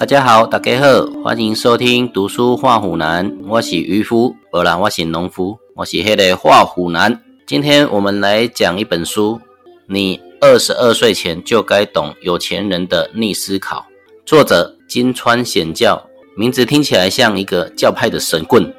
大家好，大家好，歡迎收聽《讀書畫虎難》。我是漁夫，不然我是農夫，我是黑雷畫虎難。今天我們來講一本書，《你二十二歲前就該懂有錢人的逆思考》，作者金川顯教，名字聽起來像一個教派的神棍。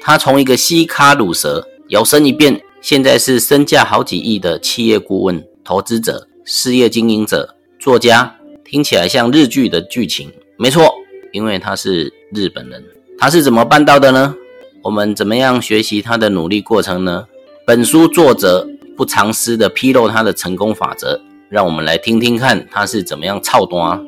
他從一個西卡魯蛇搖身一變，現在是身價好幾億的企業顧問、投資者、事業經營者、作家，聽起來像日劇的劇情。沒錯，因為他是日本人。他是怎麼辦到的呢？我們怎麼樣學習他的努力過程呢？本書作者不藏私的披露他的成功法則，讓我們來聽聽看他是怎麼樣操作啊。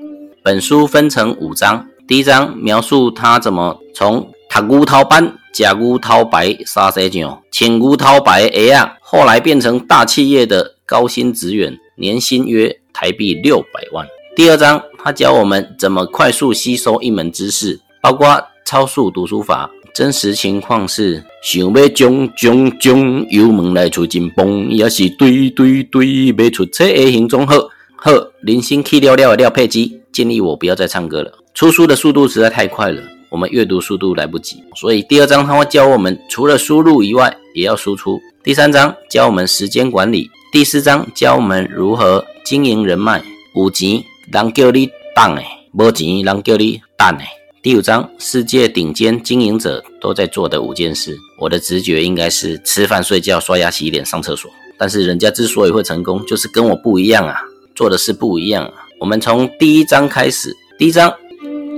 本書分成五章，第一章描述他怎麼從塔烏陶班、假烏陶白沙塞醬、穿烏陶白鞋，後來變成大企業的高薪職員，年薪約台幣六百萬。第二章，他教我們怎麼快速吸收一門知識，包括超速讀書法。真實情況是，想要將將將油門來出金崩，也是對對對，賣出冊的形呵呵，零星 k 去了的了配基。建議我不要再唱歌了，出書的速度實在太快了，我們閱讀速度來不及。所以第二章他會教我們除了輸入以外，也要輸出。第三章教我們時間管理，第四章教我們如何經營人脈。五集。人叫你等的，沒錢人，人叫你等的。第五章，世界頂尖經營者都在做的五件事。我的直覺應該是吃飯、睡覺、刷牙、洗臉、上廁所。但是人家之所以會成功，就是跟我不一樣啊，做的事不一樣啊。我們從第一章開始。第一章，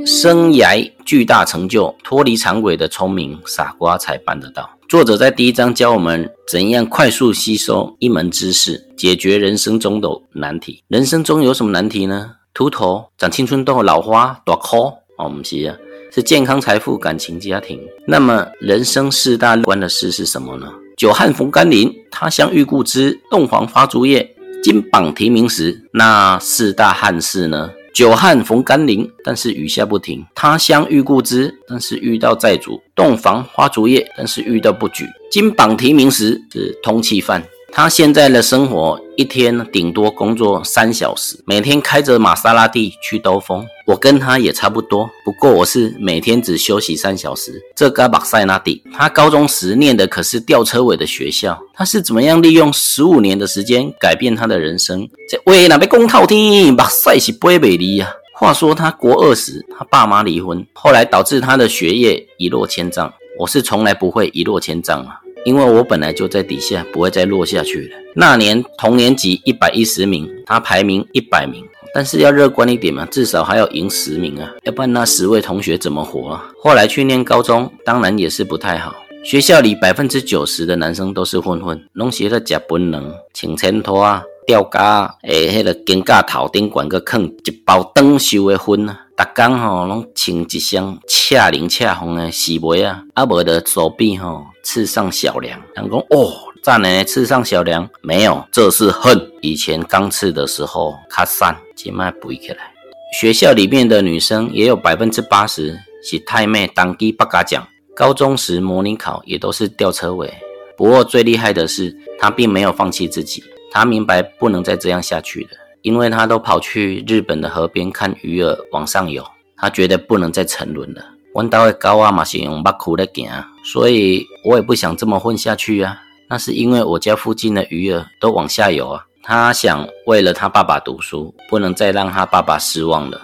生涯巨大成就，脫離常軌的聰明傻瓜才辦得到。作者在第一章教我們怎樣快速吸收一門知識，解決人生中的難題。人生中有什麼難題呢？禿頭、長青春痘、老花、多口，哦，不是啊，是健康、財富、感情、家庭。那麼，人生四大關的事是什麼呢？久旱逢甘霖，他鄉遇故知，洞房花燭夜，金榜題名時。那四大憾事呢？久旱逢甘霖，但是雨下不停；他鄉遇故知，但是遇到債主；洞房花燭夜，但是遇到不舉；金榜題名時，是通緝犯。他現在的生活，一天頂多工作三小時，每天開着瑪莎拉蒂去兜風。我跟他也差不多，不過我是每天只休息三小時。這個瑪莎拉蒂，他高中時念的可是吊車尾的學校。他是怎麼樣利用十五年的時間改變他的人生？這喂，那邊公套聽，瑪莎是不美麗呀。話說他國二時，他爸媽離婚，後來導致他的學業一落千丈。我是從來不會一落千丈啊。因為我本來就在底下，不會再落下去了。那年同年級一百一十名，他排名一百名，但是要樂觀一點嘛，至少還要贏十名啊，要不然那十位同學怎麼活啊？後來去念高中，當然也是不太好。學校裡百分之九十的男生都是混混，攏是咧食檳榔，穿前拖啊、吊嘎啊，誒、哎，迄、那個肩胛頭頂管個坑，一包燈，修的婚啊。達剛吼攏穿一箱恰靈恰紅的西梅啊，阿無的手臂吼、哦、刺上小樑，人講哦，贊呢刺上小樑？沒有，這是恨。以前剛刺的時候，他散，姐妹補起來。學校裡面的女生也有百分之八十是太妹，當地不嘎講。高中時模擬考也都是吊車尾，不過最厲害的是，她並沒有放棄自己，她明白不能再這樣下去了。因為他都跑去日本的河邊看魚兒往上游，他覺得不能再沉淪了。彎刀的高啊馬先用白苦勒行，所以我也不想這麼混下去呀，啊。那是因為我家附近的魚兒都往下游啊。他想為了他爸爸讀書，不能再讓他爸爸失望了。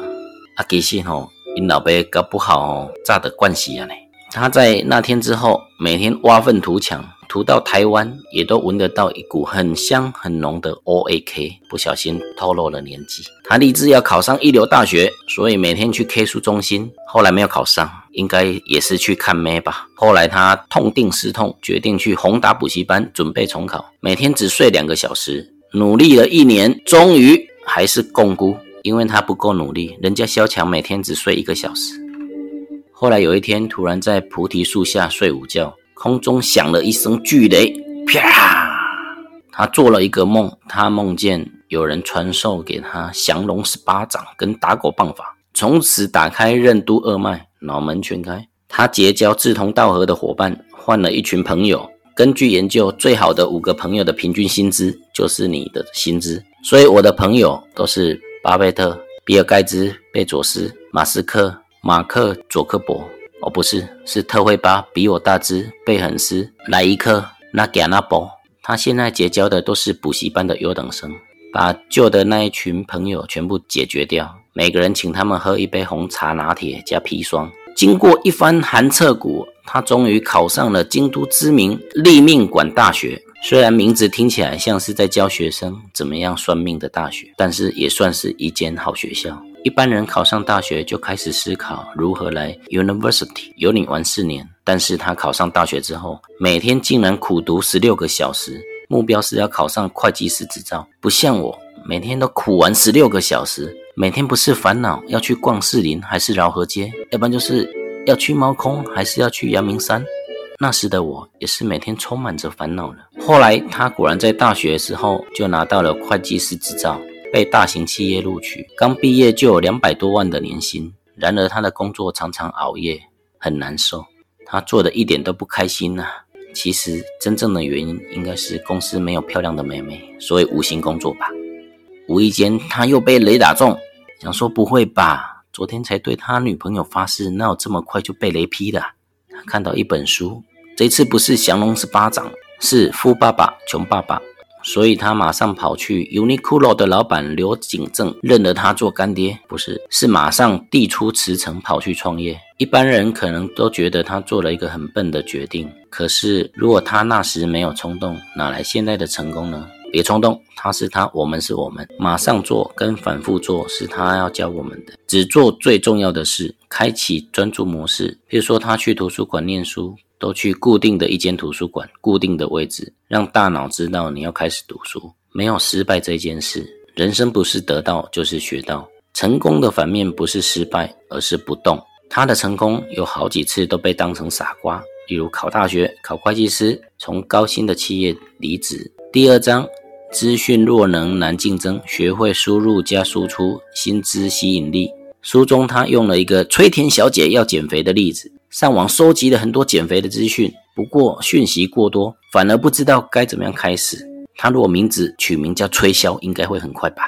啊吉先吼，你，哦、老爸搞不好哦，炸的慣習啊呢。他在那天之後，每天挖糞圖強塗到台灣，也都聞得到一股很香很濃的 OAK。不小心透露了年紀。他立志要考上一流大學，所以每天去 K 書中心。後來沒有考上，應該也是去看妹吧。後來他痛定思痛，決定去宏達補習班準備重考。每天只睡兩個小時，努力了一年，終於還是摃龜，因為他不夠努力。人家蕭薔每天只睡一個小時。後來有一天，突然在菩提樹下睡午覺。空中響了一聲巨雷，啪、啊！他做了一個夢，他夢見有人傳授給他降龍十八掌跟打狗棒法，從此打開任督二脈，腦門全開。他結交志同道合的伙伴，換了一群朋友。根據研究，最好的五個朋友的平均薪資就是你的薪資，所以我的朋友都是巴菲特、比爾蓋茨、貝佐斯、馬斯克、馬克·祖克柏。哦，不是，是特惠吧，比我大隻，貝很斯，來一克，那加那波。他現在結交的都是補習班的優等生，把舊的那一群朋友全部解決掉。每個人請他們喝一杯紅茶拿鐵加砒霜。經過一番寒徹骨，他終於考上了京都知名立命館大學。雖然名字聽起來像是在教學生怎麼樣算命的大學，但是也算是一間好學校。一般人考上大學就開始思考如何來 university 有你玩四年，但是他考上大學之後，每天竟然苦讀十六個小時，目標是要考上會計師執照。不像我，每天都苦玩十六個小時，每天不是煩惱要去逛士林還是饒河街，要不然就是要去貓空還是要去陽明山。那時的我也是每天充滿着煩惱了。後來他果然在大學時候就拿到了會計師執照。被大型企業錄取，剛畢業就有兩百多萬的年薪。然而他的工作常常熬夜，很難受，他做的一點都不開心吶、啊。其實真正的原因應該是公司沒有漂亮的妹妹，所以無心工作吧。無意間他又被雷打中，想說不會吧，昨天才對他女朋友發誓，哪有這麼快就被雷劈的？他看到一本書，這次不是降龍十八掌，是富爸爸窮爸爸。所以他馬上跑去 Uniqlo 的老板柳井正認了他做乾爹，不是，是馬上遞出辭呈跑去創業。一般人可能都覺得他做了一個很笨的決定，可是如果他那時沒有衝動，哪來現在的成功呢？別衝動，他是他，我們是我們，馬上做跟反覆做是他要教我們的，只做最重要的事，開啟專注模式。譬如說他去圖書館念書。都去固定的一間圖書館，固定的位置，讓大腦知道你要開始讀書。沒有失敗這件事，人生不是得到就是學到。成功的反面不是失敗，而是不動。他的成功有好幾次都被當成傻瓜，例如考大學、考會計師、從高薪的企業離職。第二章，資訊弱能難競爭，學會輸入加輸出，薪資吸引力。書中他用了一個崔田小姐要減肥的例子。上網收集了很多減肥的資訊，不過訊息過多，反而不知道該怎麼樣開始。他如果名字取名叫吹簫，應該會很快吧？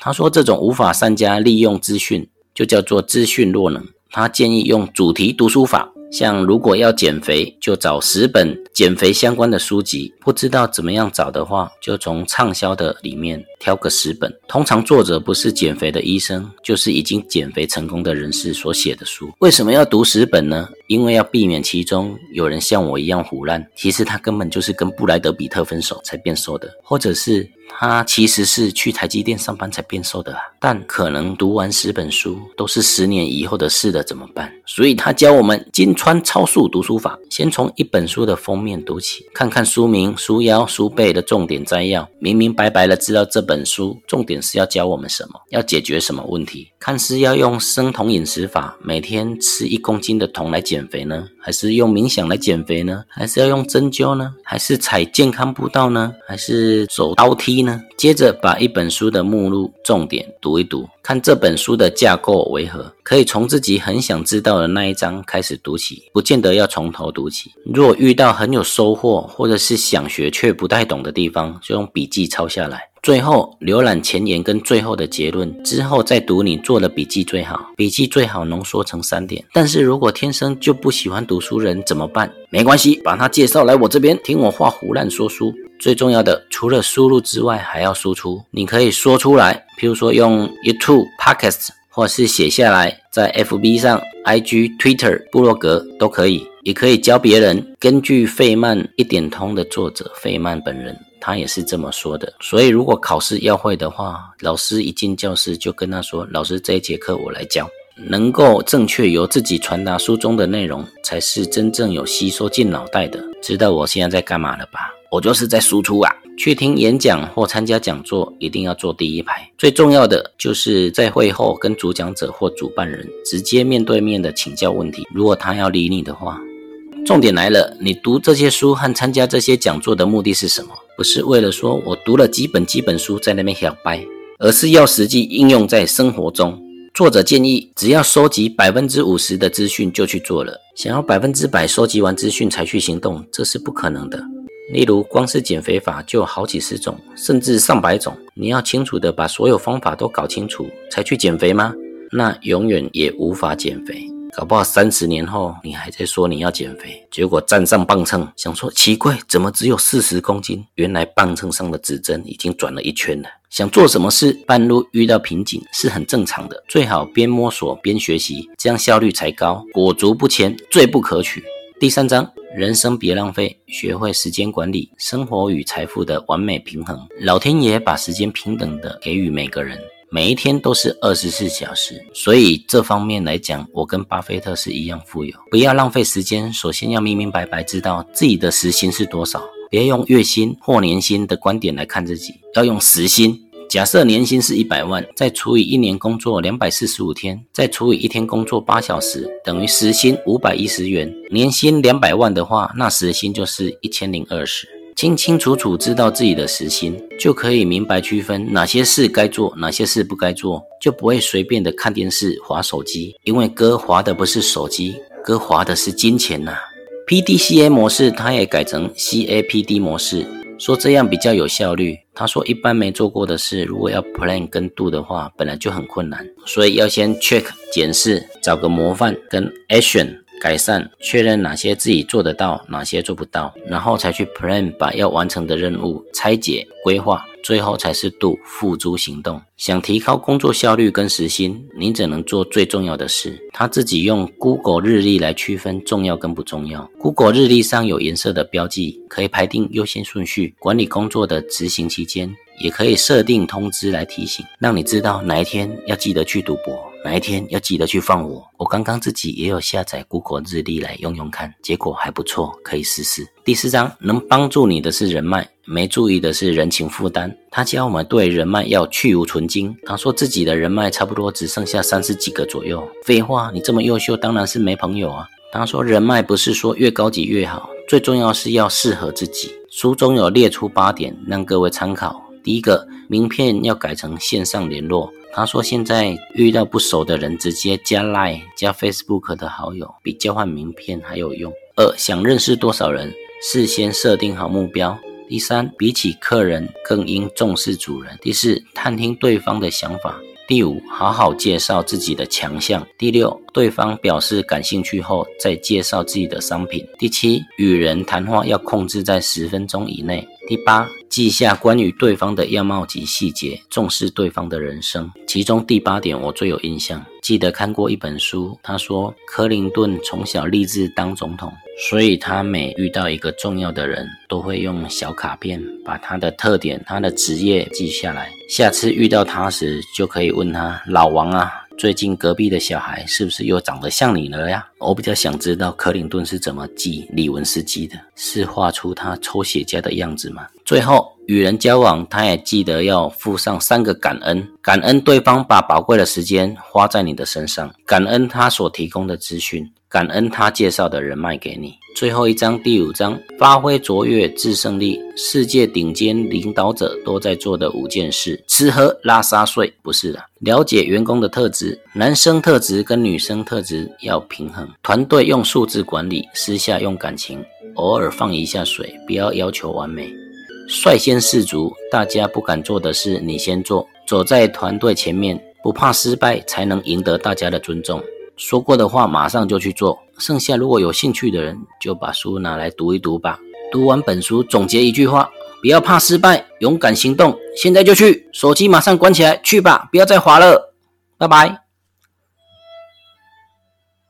他說這種無法善加利用資訊，就叫做資訊弱能。他建議用主題讀書法，像如果要減肥，就找十本減肥相關的書籍。不知道怎麼樣找的話，就從暢銷的裡面挑個十本。通常作者不是減肥的醫生，就是已經減肥成功的人士所寫的書。為什麼要讀十本呢？因為要避免其中有人像我一樣唬爛，其實他根本就是跟布萊德彼特分手才變瘦的，或者是他其實是去台積電上班才變瘦的啊？但可能讀完十本書都是十年以後的事了，怎麼辦？所以他教我們金川超速讀書法，先從一本書的封面讀起，看看書名、書腰、書背的重點摘要，明明白白的知道這本書重點是要教我們什麼，要解決什麼問題。看似要用生酮飲食法，每天吃一公斤的酮來解。減肥呢？還是用冥想來減肥呢？還是要用針灸呢？還是踩健康步道呢？還是走刀梯呢？接着把一本書的目錄重點讀一讀，看這本書的架構為何，可以從自己很想知道的那一章開始讀起，不見得要從頭讀起。若遇到很有收穫，或者是想學卻不太懂的地方，就用筆記抄下來。最後瀏覽前言跟最後的結論之後，再讀你做的筆記最好，筆記最好濃縮成三點。但是如果天生就不喜歡讀，讀書人怎麼辦？沒關係，把他介紹來我這邊聽我話胡亂說書。最重要的，除了輸入之外，還要輸出。你可以說出來，譬如說用 YouTube Podcast，或是寫下來，在 FB 上、IG、Twitter、部落格都可以。也可以教別人。根據《費曼一點通》的作者費曼本人，他也是這麼說的。所以如果考試要會的話，老師一進教室就跟他說：“老師這一節課我來教。”能夠正確由自己傳達書中的內容，才是真正有吸收進腦袋的。知道我現在在幹嘛了吧？我就是在輸出啊！去聽演講或參加講座，一定要坐第一排。最重要的就是在會後跟主講者或主辦人直接面對面的請教問題。如果他要理你的話，重點來了：你讀這些書和參加這些講座的目的是什麼？不是為了說我讀了幾本幾本書在那邊囂掰，而是要實際應用在生活中。作者建議，只要收集百分之五十的資訊就去做了。想要百分之百收集完資訊才去行動，這是不可能的。例如，光是減肥法就有好幾十種，甚至上百種。你要清楚的把所有方法都搞清楚才去減肥嗎？那永遠也無法減肥。搞不好三十年後，你還在說你要減肥，結果站上磅秤，想說奇怪，怎麼只有四十公斤？原來磅秤上的指針已經轉了一圈了。想做什麼事，半路遇到瓶頸是很正常的。最好邊摸索邊學習，這樣效率才高。裹足不前最不可取。第三章，人生別浪費，學會時間管理，生活與財富的完美平衡。老天爺把時間平等的給予每個人，每一天都是二十四小時。所以這方面來講，我跟巴菲特是一樣富有。不要浪費時間，首先要明明白白知道自己的時薪是多少。別用月薪或年薪的觀點來看自己，要用時薪。假設年薪是一百萬，再除以一年工作兩百四十五天，再除以一天工作八小時，等於時薪五百一十元。年薪兩百萬的話，那時薪就是一千零二十。清清楚楚知道自己的時薪，就可以明白區分哪些事該做，哪些事不該做，就不會隨便的看電視、滑手機。因為哥滑的不是手機，哥滑的是金錢吶、啊。PDCA 模式，他也改成 CAPD 模式，說這樣比較有效率。他說，一般沒做過的事，如果要 plan 跟 do 的話，本來就很困難，所以要先 check 檢視，找個模範跟 action 改善，確認哪些自己做得到，哪些做不到，然後才去 plan 把要完成的任務拆解、規劃。最後才是度付諸行動。想提高工作效率跟時薪，你只能做最重要的事。他自己用 Google 日曆來區分重要跟不重要。Google 日曆上有顏色的標記，可以排定優先順序，管理工作的執行期間，也可以設定通知來提醒，讓你知道哪一天要記得去賭博，哪一天要記得去放我。我剛剛自己也有下載谷歌日曆來用用看，結果還不錯，可以試試。第四章能幫助你的是人脈，沒注意的是人情負擔。他教我們對人脈要去蕪存菁。他說自己的人脈差不多只剩下三十幾個左右。廢話，你這麼優秀，當然是沒朋友啊。他說人脈不是說越高級越好，最重要是要適合自己。書中有列出八點，讓各位參考。第一個，名片要改成線上聯絡。他說，現在遇到不熟的人，直接加 Line、加 Facebook 的好友，比交換名片還有用。二，想認識多少人，事先設定好目標。第三，比起客人，更應重視主人。第四，探聽對方的想法。第五，好好介紹自己的強項。第六，對方表示感興趣後，再介紹自己的商品。第七，與人談話要控制在十分鐘以內。第八，記下關於對方的樣貌及細節，重視對方的人生。其中第八點我最有印象。記得看過一本書，他說，克林頓從小立志當總統，所以他每遇到一個重要的人，都會用小卡片把他的特點、他的職業記下來，下次遇到他時就可以問他：“老王啊。”最近隔壁的小孩是不是又長得像你了呀？我比較想知道克林頓是怎麼記李文斯基的，是畫出他抽雪茄的樣子嗎？最後與人交往，他也記得要附上三個感恩：感恩對方把寶貴的時間花在你的身上，感恩他所提供的資訊。感恩他介紹的人脈給你。最後一章第五章，發揮卓越制勝力。世界頂尖領導者都在做的五件事：吃喝拉撒睡，不是的。了解員工的特質，男生特質跟女生特質要平衡。團隊用數字管理，私下用感情，偶爾放一下水，不要要求完美。率先士卒，大家不敢做的事你先做，走在團隊前面，不怕失敗才能贏得大家的尊重。說過的話馬上就去做，剩下如果有興趣的人就把書拿來讀一讀吧。讀完本書總結一句話：不要怕失敗，勇敢行動。現在就去，手機馬上關起來，去吧，不要再滑了，拜拜。